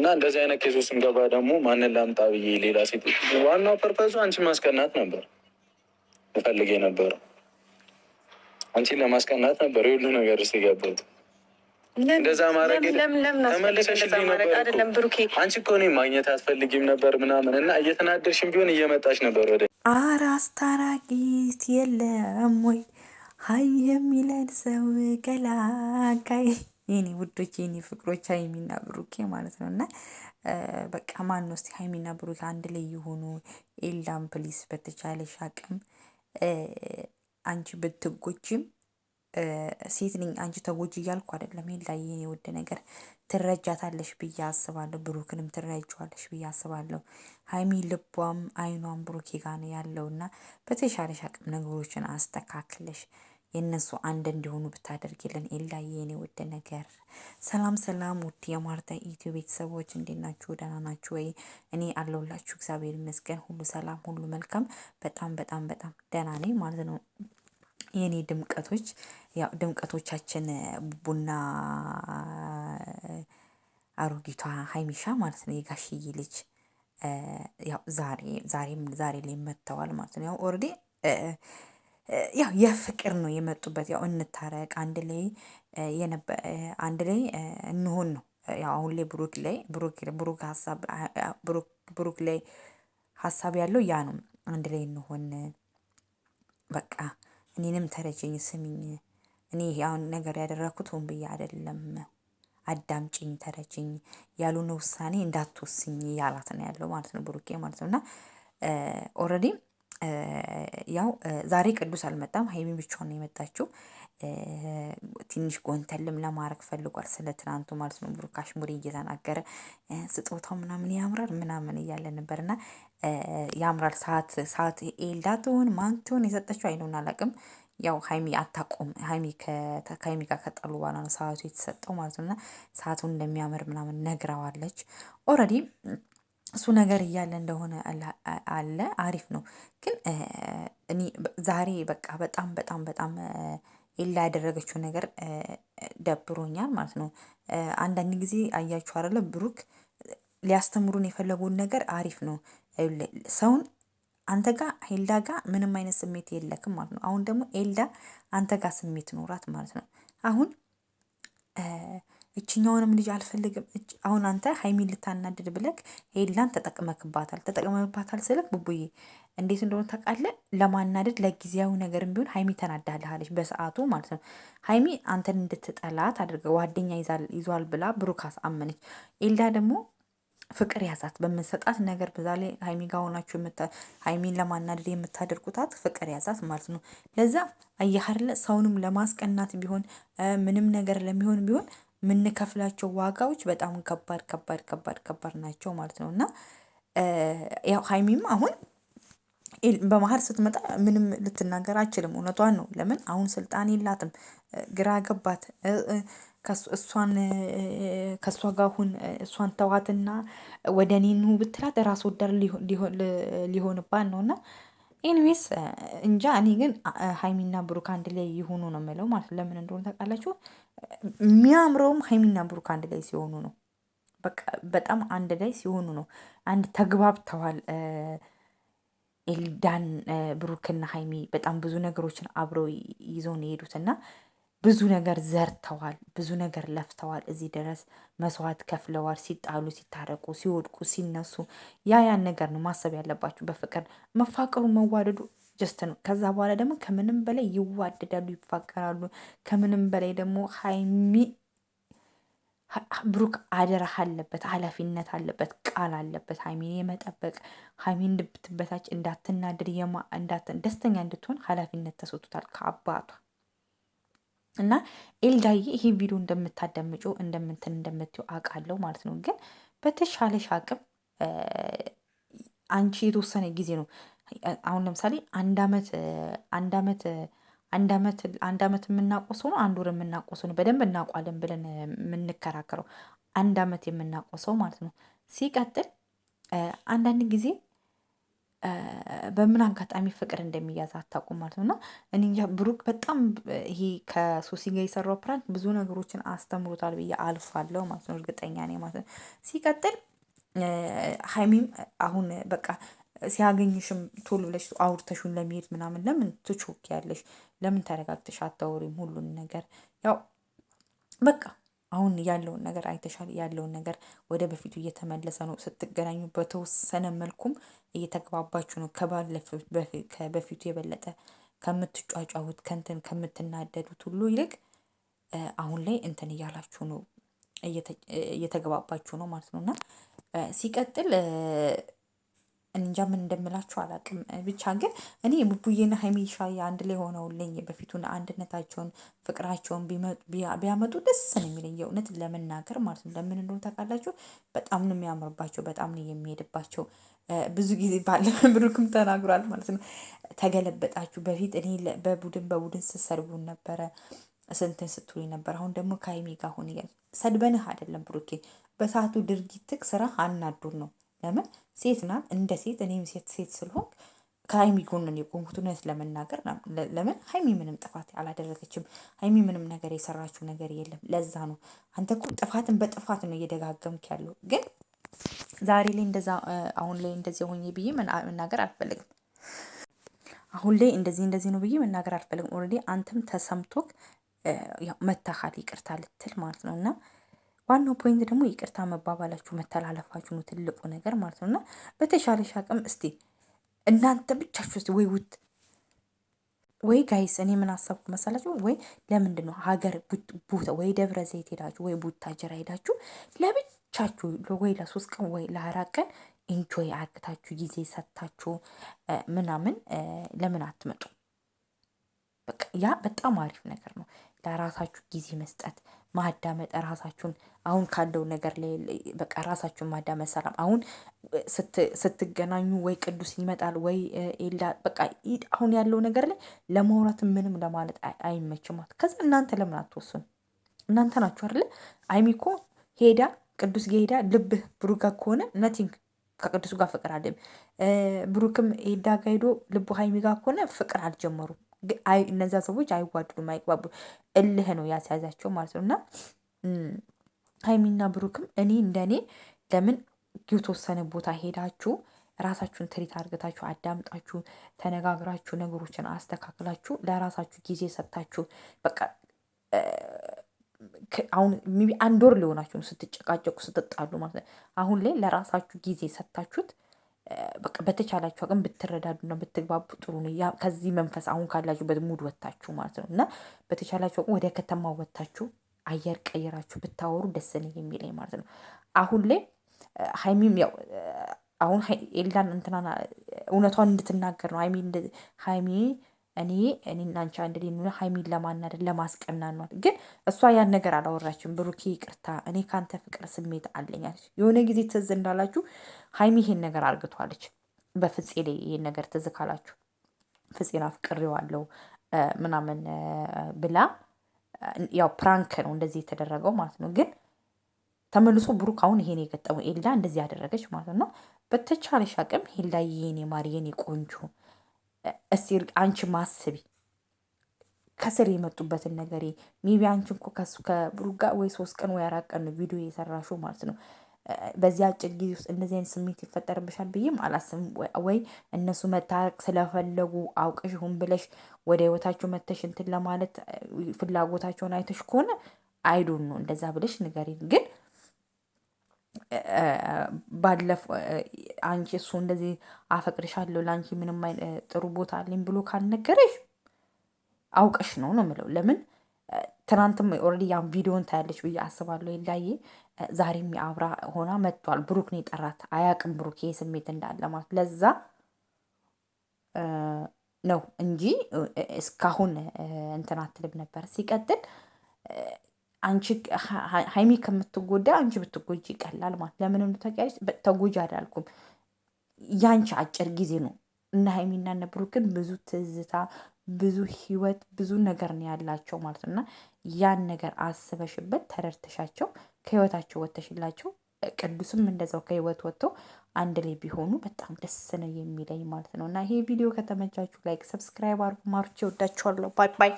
እና እንደዚህ አይነት ኬሶ ስንገባ ደግሞ ማንን ላምጣ ብዬ ሌላ ሴት ዋናው ፐርፐሱ አንቺን ማስቀናት ነበር እፈልግ ነበረ። አንቺን ለማስቀናት ነበር የሁሉ ነገር ውስጥ የገባሁት። እንደዛ ማድረግ ተመልሰሽልኝ አንቺ እኮ እኔን ማግኘት አትፈልጊም ነበር ምናምን እና እየተናደርሽም ቢሆን እየመጣሽ ነበር ወደ ኧረ አስታራቂት የለም ወይ ሀይ የሚለን ሰው ገላጋይ የኔ ውዶች የኔ ፍቅሮች ሀይሚና ብሩኬ ማለት ነው። እና በቃ ማን ነው እስቲ ሀይሚና ብሩኬ አንድ ላይ የሆኑ ኤላም ፕሊስ በተቻለሽ አቅም አንቺ ብትጎጂም ሴት ነኝ አንቺ ተጎጂ እያልኩ አይደለም። ሄላ የኔ ውድ ነገር ትረጃታለሽ ብዬ አስባለሁ። ብሩክንም ትረጃዋለሽ ብዬ አስባለሁ። ሀይሚ ልቧም አይኗም ብሩኬ ጋ ነው ያለውና በተሻለሽ አቅም ነገሮችን አስተካክለሽ የእነሱ አንድ እንዲሆኑ ብታደርግልን ኤላዬ የኔ ውድ ነገር። ሰላም ሰላም፣ ውድ የማርታ ኢትዮ ቤተሰቦች እንዴት ናችሁ? ደህና ናችሁ ወይ? እኔ አለሁላችሁ እግዚአብሔር ይመስገን፣ ሁሉ ሰላም፣ ሁሉ መልካም። በጣም በጣም በጣም ደህና ነኝ ማለት ነው። የኔ ድምቀቶች፣ ያው ድምቀቶቻችን ቡና አሮጊቷ ሀይሚሻ ማለት ነው የጋሽዬ ልጅ ያው ዛሬ ዛሬም ዛሬ ላይ መጥተዋል ማለት ነው። ያው ኦልሬዲ ያው የፍቅር ነው የመጡበት። ያው እንታረቅ አንድ ላይ አንድ ላይ እንሆን ነው። ያው አሁን ላይ ብሩክ ላይ ብሩክ ብሩክ ሀሳብ ብሩክ ላይ ሀሳብ ያለው ያ ነው። አንድ ላይ እንሆን በቃ እኔንም ተረጀኝ ስሚኝ። እኔ ያሁን ነገር ያደረግኩት ሆን ብዬ አይደለም። አዳምጭኝ፣ ተረጅኝ ያሉን ውሳኔ እንዳትወስኝ ያላት ነው ያለው ማለት ነው ብሩኬ ማለት ነው እና ኦልሬዲ ያው ዛሬ ቅዱስ አልመጣም፣ ሀይሚ ብቻዋን ነው የመጣችው። ትንሽ ጎንተልም ለማድረግ ፈልጓል፣ ስለ ትናንቱ ማለት ነው። ብሩካሽ ሙሪ እየተናገረ ስጦታው ምናምን ያምራል ምናምን እያለ ነበር እና ያምራል። ሰዓት ሰዓት ኤልዳ ትሆን ማን ትሆን የሰጠችው አይነውን አላውቅም። ያው ሀይሚ አታቆም ሀይሚ ከሀይሚ ጋር ከጠሉ በኋላ ነው ሰዓቱ የተሰጠው ማለት ነው። እና ሰዓቱን እንደሚያምር ምናምን ነግረዋለች ኦልሬዲ እሱ ነገር እያለ እንደሆነ አለ አሪፍ ነው። ግን ዛሬ በቃ በጣም በጣም በጣም ኤላ ያደረገችው ነገር ደብሮኛል ማለት ነው። አንዳንድ ጊዜ አያችሁ አይደለ ብሩክ ሊያስተምሩን የፈለጉን ነገር አሪፍ ነው። ሰውን አንተ ጋ ሄልዳ ጋር ምንም አይነት ስሜት የለክም ማለት ነው። አሁን ደግሞ ኤልዳ አንተ ጋር ስሜት ኖራት ማለት ነው። አሁን እችኛውንም ልጅ አልፈልግም። አሁን አንተ ሀይሚ ልታናድድ ብለክ ሄላን ተጠቅመክባታል። ተጠቅመክባታል ስልክ ቡቡዬ እንዴት እንደሆነ ታውቃለህ? ለማናደድ ለጊዜያዊ ነገርም ቢሆን ሀይሚ ተናዳልሃለች፣ በሰዓቱ ማለት ነው። ሀይሚ አንተን እንድትጠላት አድርገ ጓደኛ ይዟል ብላ ብሩካስ አመነች። ኤላ ደግሞ ፍቅር ያዛት በምንሰጣት ነገር በዛ ላይ ሀይሚ ጋር ሆናችሁ ሀይሚን ለማናደድ የምታደርጉታት ፍቅር ያዛት ማለት ነው። ለዛ አያህርለ ሰውንም ለማስቀናት ቢሆን ምንም ነገር ለሚሆን ቢሆን የምንከፍላቸው ዋጋዎች በጣም ከባድ ከባድ ከባድ ከባድ ናቸው ማለት ነው። እና ያው ሀይሚም አሁን በመሀል ስትመጣ ምንም ልትናገር አችልም። እውነቷን ነው። ለምን አሁን ስልጣን የላትም ግራ ገባት። እሷን ከእሷ ጋር ሁን እሷን ተዋትና ወደ እኔ ብትላት ራስ ወዳድ ሊሆንባት ነው። እና ኤኒዌይስ እንጃ እኔ ግን ሀይሚና ብሩክ አንድ ላይ ይሁኑ ነው የምለው ማለት ለምን እንደሆነ ታውቃላችሁ የሚያምረውም ሀይሚና ብሩክ አንድ ላይ ሲሆኑ ነው። በቃ በጣም አንድ ላይ ሲሆኑ ነው። አንድ ተግባብተዋል። ኤልዳን ብሩክና ሀይሚ በጣም ብዙ ነገሮችን አብረው ይዘው ነው የሄዱት እና ብዙ ነገር ዘርተዋል፣ ብዙ ነገር ለፍተዋል። እዚህ ድረስ መስዋዕት ከፍለዋል። ሲጣሉ፣ ሲታረቁ፣ ሲወድቁ፣ ሲነሱ ያ ያን ነገር ነው ማሰብ ያለባችሁ። በፍቅር መፋቀሩ መዋደዱ ጀስት ነው። ከዛ በኋላ ደግሞ ከምንም በላይ ይዋደዳሉ፣ ይፋቀራሉ። ከምንም በላይ ደግሞ ሀይሚ ብሩክ አደራህ አለበት፣ ኃላፊነት አለበት፣ ቃል አለበት ሀይሚን የመጠበቅ ሀይሚን የማ እንዳት ደስተኛ እንድትሆን ኃላፊነት ተሰጥቶታል ከአባቷ እና ኤልዳዬ ይሄ ቪዲዮ እንደምታዳምጩ እንደምንትን እንደምትዩ አውቃለሁ ማለት ነው። ግን በተሻለሽ አቅም አንቺ የተወሰነ ጊዜ ነው አሁን ለምሳሌ አንድ አመት አንድ አመት አንድ አመት አንድ ዓመት የምናቆስ ነው፣ አንድ ወር የምናቆስ ነው። በደንብ እናውቋለን ብለን የምንከራከረው አንድ ዓመት የምናቆሰው ማለት ነው። ሲቀጥል አንዳንድ ጊዜ በምን አጋጣሚ ፍቅር እንደሚያዝ አታውቁም ማለት ነው። እና እኔ እንጃ ብሩክ በጣም ይሄ ከሱሲ ጋር የሰራው ፕራንክ ብዙ ነገሮችን አስተምሮታል ብዬ አልፋለሁ ማለት ነው። እርግጠኛ ነኝ ማለት ነው። ሲቀጥል ሀይሚም አሁን በቃ ሲያገኝሽም ቶሎ ብለሽ አውርተሽን ለመሄድ ምናምን ለምን ትቾክ ያለሽ ለምን ተረጋግተሽ አታወሪም? ሁሉን ነገር ያው በቃ አሁን ያለውን ነገር አይተሻል። ያለውን ነገር ወደ በፊቱ እየተመለሰ ነው። ስትገናኙ በተወሰነ መልኩም እየተግባባችሁ ነው። ከበፊቱ የበለጠ ከምትጫጫሁት ከንትን ከምትናደዱት ሁሉ ይልቅ አሁን ላይ እንትን እያላችሁ ነው፣ እየተግባባችሁ ነው ማለት ነው እና ሲቀጥል እንጃ ምን እንደምላችሁ አላውቅም። ብቻ ግን እኔ ቡቡዬና ሀይሚሻ አንድ ላይ ሆነውልኝ በፊቱን አንድነታቸውን ፍቅራቸውን ቢያመጡ ደስ ነው የሚለኝ የእውነት ለመናገር ማለት ነው። ለምን እንደሆነ ታውቃላችሁ? በጣም ነው የሚያምርባቸው፣ በጣም ነው የሚሄድባቸው። ብዙ ጊዜ ባለ ብሩክም ተናግሯል ማለት ነው። ተገለበጣችሁ። በፊት እኔ በቡድን በቡድን ስሰርቡን ነበረ ስንትን ስትሉ ነበር። አሁን ደግሞ ከሀይሚ ጋር ሆን ሰድበንህ አይደለም ብሩኬ፣ በሰዓቱ ድርጊትክ ስራ አናዱር ነው ለምን ሴት ናት እንደ ሴት እኔም ሴት ሴት ስለሆን ከሀይሚ ጎንን ነው የቆምኩት። እውነት ለመናገር ለምን ሀይሚ ምንም ጥፋት አላደረገችም። ሀይሚ ምንም ነገር የሰራችው ነገር የለም። ለዛ ነው አንተ እኮ ጥፋትን በጥፋት ነው እየደጋገምክ ያለው። ግን ዛሬ ላይ እንደዛ አሁን ላይ እንደዚህ ሆኜ ብዬ መናገር አልፈልግም። አሁን ላይ እንደዚህ እንደዚህ ነው ብዬ መናገር አልፈልግም። ኦልሬዲ አንተም ተሰምቶክ መታሃል ይቅርታ ልትል ማለት ነው እና ዋናው ፖይንት ደግሞ ይቅርታ መባባላችሁ መተላለፋችሁ ነው ትልቁ ነገር ማለት ነው። እና በተሻለሽ አቅም እስቲ እናንተ ብቻችሁ ስ ወይ ውት ወይ ጋይስ እኔ ምን አሰብኩ መሰላችሁ? ወይ ለምንድን ነው ሀገር ቦታ ወይ ደብረ ዘይት ሄዳችሁ ወይ ቡታጅራ ሄዳችሁ ለብቻችሁ ወይ ለሶስት ቀን ወይ ለአራት ቀን ኢንጆይ አርግታችሁ ጊዜ ሰጥታችሁ ምናምን ለምን አትመጡ? በቃ ያ በጣም አሪፍ ነገር ነው። ለራሳችሁ ጊዜ መስጠት ማዳመጥ ራሳችሁን አሁን ካለው ነገር ላይ በቃ ራሳችሁን ማዳመጥ ሰላም። አሁን ስትገናኙ ወይ ቅዱስ ይመጣል ወይ ኤላ በቃ አሁን ያለው ነገር ላይ ለማውራት ምንም ለማለት አይመችማት። ከዛ እናንተ ለምን አትወስኑ? እናንተ ናችሁ አይደለ? አይሚኮ ሄዳ ቅዱስ ሄዳ ልብህ ብሩጋ ከሆነ ነቲንግ ከቅዱስ ጋር ፍቅር አለም። ብሩክም ሄዳ ጋ ሄዶ ልቡ ሀይሚ ጋር ከሆነ ፍቅር አልጀመሩም። እነዛ ሰዎች አይዋድሉም፣ አይግባቡ፣ እልህ ነው ያስያዛቸው ማለት ነው። እና ሀይሚና ብሩክም እኔ እንደኔ ለምን የተወሰነ ቦታ ሄዳችሁ ራሳችሁን ትሪት አድርገታችሁ አዳምጣችሁ ተነጋግራችሁ ነገሮችን አስተካክላችሁ ለራሳችሁ ጊዜ ሰጥታችሁ በቃ አሁን አንድ ወር ሊሆናችሁ ስትጨቃጨቁ ስትጣሉ ማለት ነው። አሁን ላይ ለራሳችሁ ጊዜ ሰጥታችሁት በቃ በተቻላችሁ አቅም ና ብትግባቡ ጥሩ ነው። ከዚህ መንፈስ አሁን ካላችሁበት ሙድ ወታችሁ ማለት ነው እና በተቻላችሁ አቅም ወደ ከተማ ወታችሁ አየር ቀይራችሁ ብታወሩ ደስ ነው የሚለኝ ማለት ነው። አሁን ላይ ሀይሚም ያው አሁን ኤልዳን እንትናና እውነቷን እንድትናገር ነው ሀይሚ እኔ እኔና አንቺ አንድ ላይ ሆነ ሀይሚን ለማናደድ ለማስቀናት ነው። ግን እሷ ያን ነገር አላወራችም። ብሩኬ ይቅርታ፣ እኔ ካንተ ፍቅር ስሜት አለኛል። የሆነ ጊዜ ትዝ እንዳላችሁ ሀይሚ ይሄን ነገር አርግቷለች። በፍፄ ላይ ይሄን ነገር ትዝ ካላችሁ ፍፄን አፍቅሬዋለሁ ምናምን ብላ ያው ፕራንክ ነው እንደዚህ የተደረገው ማለት ነው። ግን ተመልሶ ብሩክ አሁን ይሄን የገጠመው ኤልዳ እንደዚህ ያደረገች ማለት ነው። በተቻለሽ አቅም ሄልዳ የኔ ማር የኔ ቆንጆ እስቲ አንቺ ማስቢ ከስር የመጡበትን ነገር ሚቢ አንቺ እኮ ከሱ ጋር ወይ ሶስት ቀን ወይ አራት ቀን ነው ቪዲዮ የሰራሹ ማለት ነው። በዚህ አጭር ጊዜ ውስጥ እንደዚህ አይነት ስሜት ይፈጠርብሻል ብዬም አላስብም። ወይ እነሱ መታረቅ ስለፈለጉ አውቅሽ ሁን ብለሽ ወደ ህይወታቸው መተሽ እንትን ለማለት ፍላጎታቸውን አይተሽ ከሆነ አይዶን ነው እንደዛ ብለሽ ንገሪን ግን ባለፈው አንቺ እሱ እንደዚህ አፈቅርሻለሁ ለአንቺ ምንም ጥሩ ቦታ አለኝ ብሎ ካልነገረሽ አውቀሽ ነው ነው የምለው። ለምን ትናንትም ኦልሬዲ ያን ቪዲዮን ታያለች ብዬ አስባለሁ። ይላዬ ዛሬም የአብራ ሆና መጥቷል። ብሩክ ነው የጠራት። አያቅም ብሩክ ይሄ ስሜት እንዳለ ማለት ለዛ ነው እንጂ እስካሁን እንትን አትልም ነበር ሲቀጥል አንቺ ሀይሚ ከምትጎዳ አንቺ ብትጎጂ ይቀላል ማለት ለምን ተቀያሪች ተጎጂ አላልኩም። ያንቺ አጭር ጊዜ ነው እና ሀይሚና እነ ብሩክ ግን ብዙ ትዝታ፣ ብዙ ህይወት፣ ብዙ ነገር ነው ያላቸው ማለት ነው እና ያን ነገር አስበሽበት ተረድተሻቸው ከህይወታቸው ወተሽላቸው ቅዱስም እንደዛው ከህይወት ወጥቶ አንድ ላይ ቢሆኑ በጣም ደስ ነው የሚለኝ ማለት ነው እና ይሄ ቪዲዮ ከተመቻችሁ ላይክ፣ ሰብስክራይብ አርጉ። ማርቼ ወዳችኋለሁ። ባይ ባይ።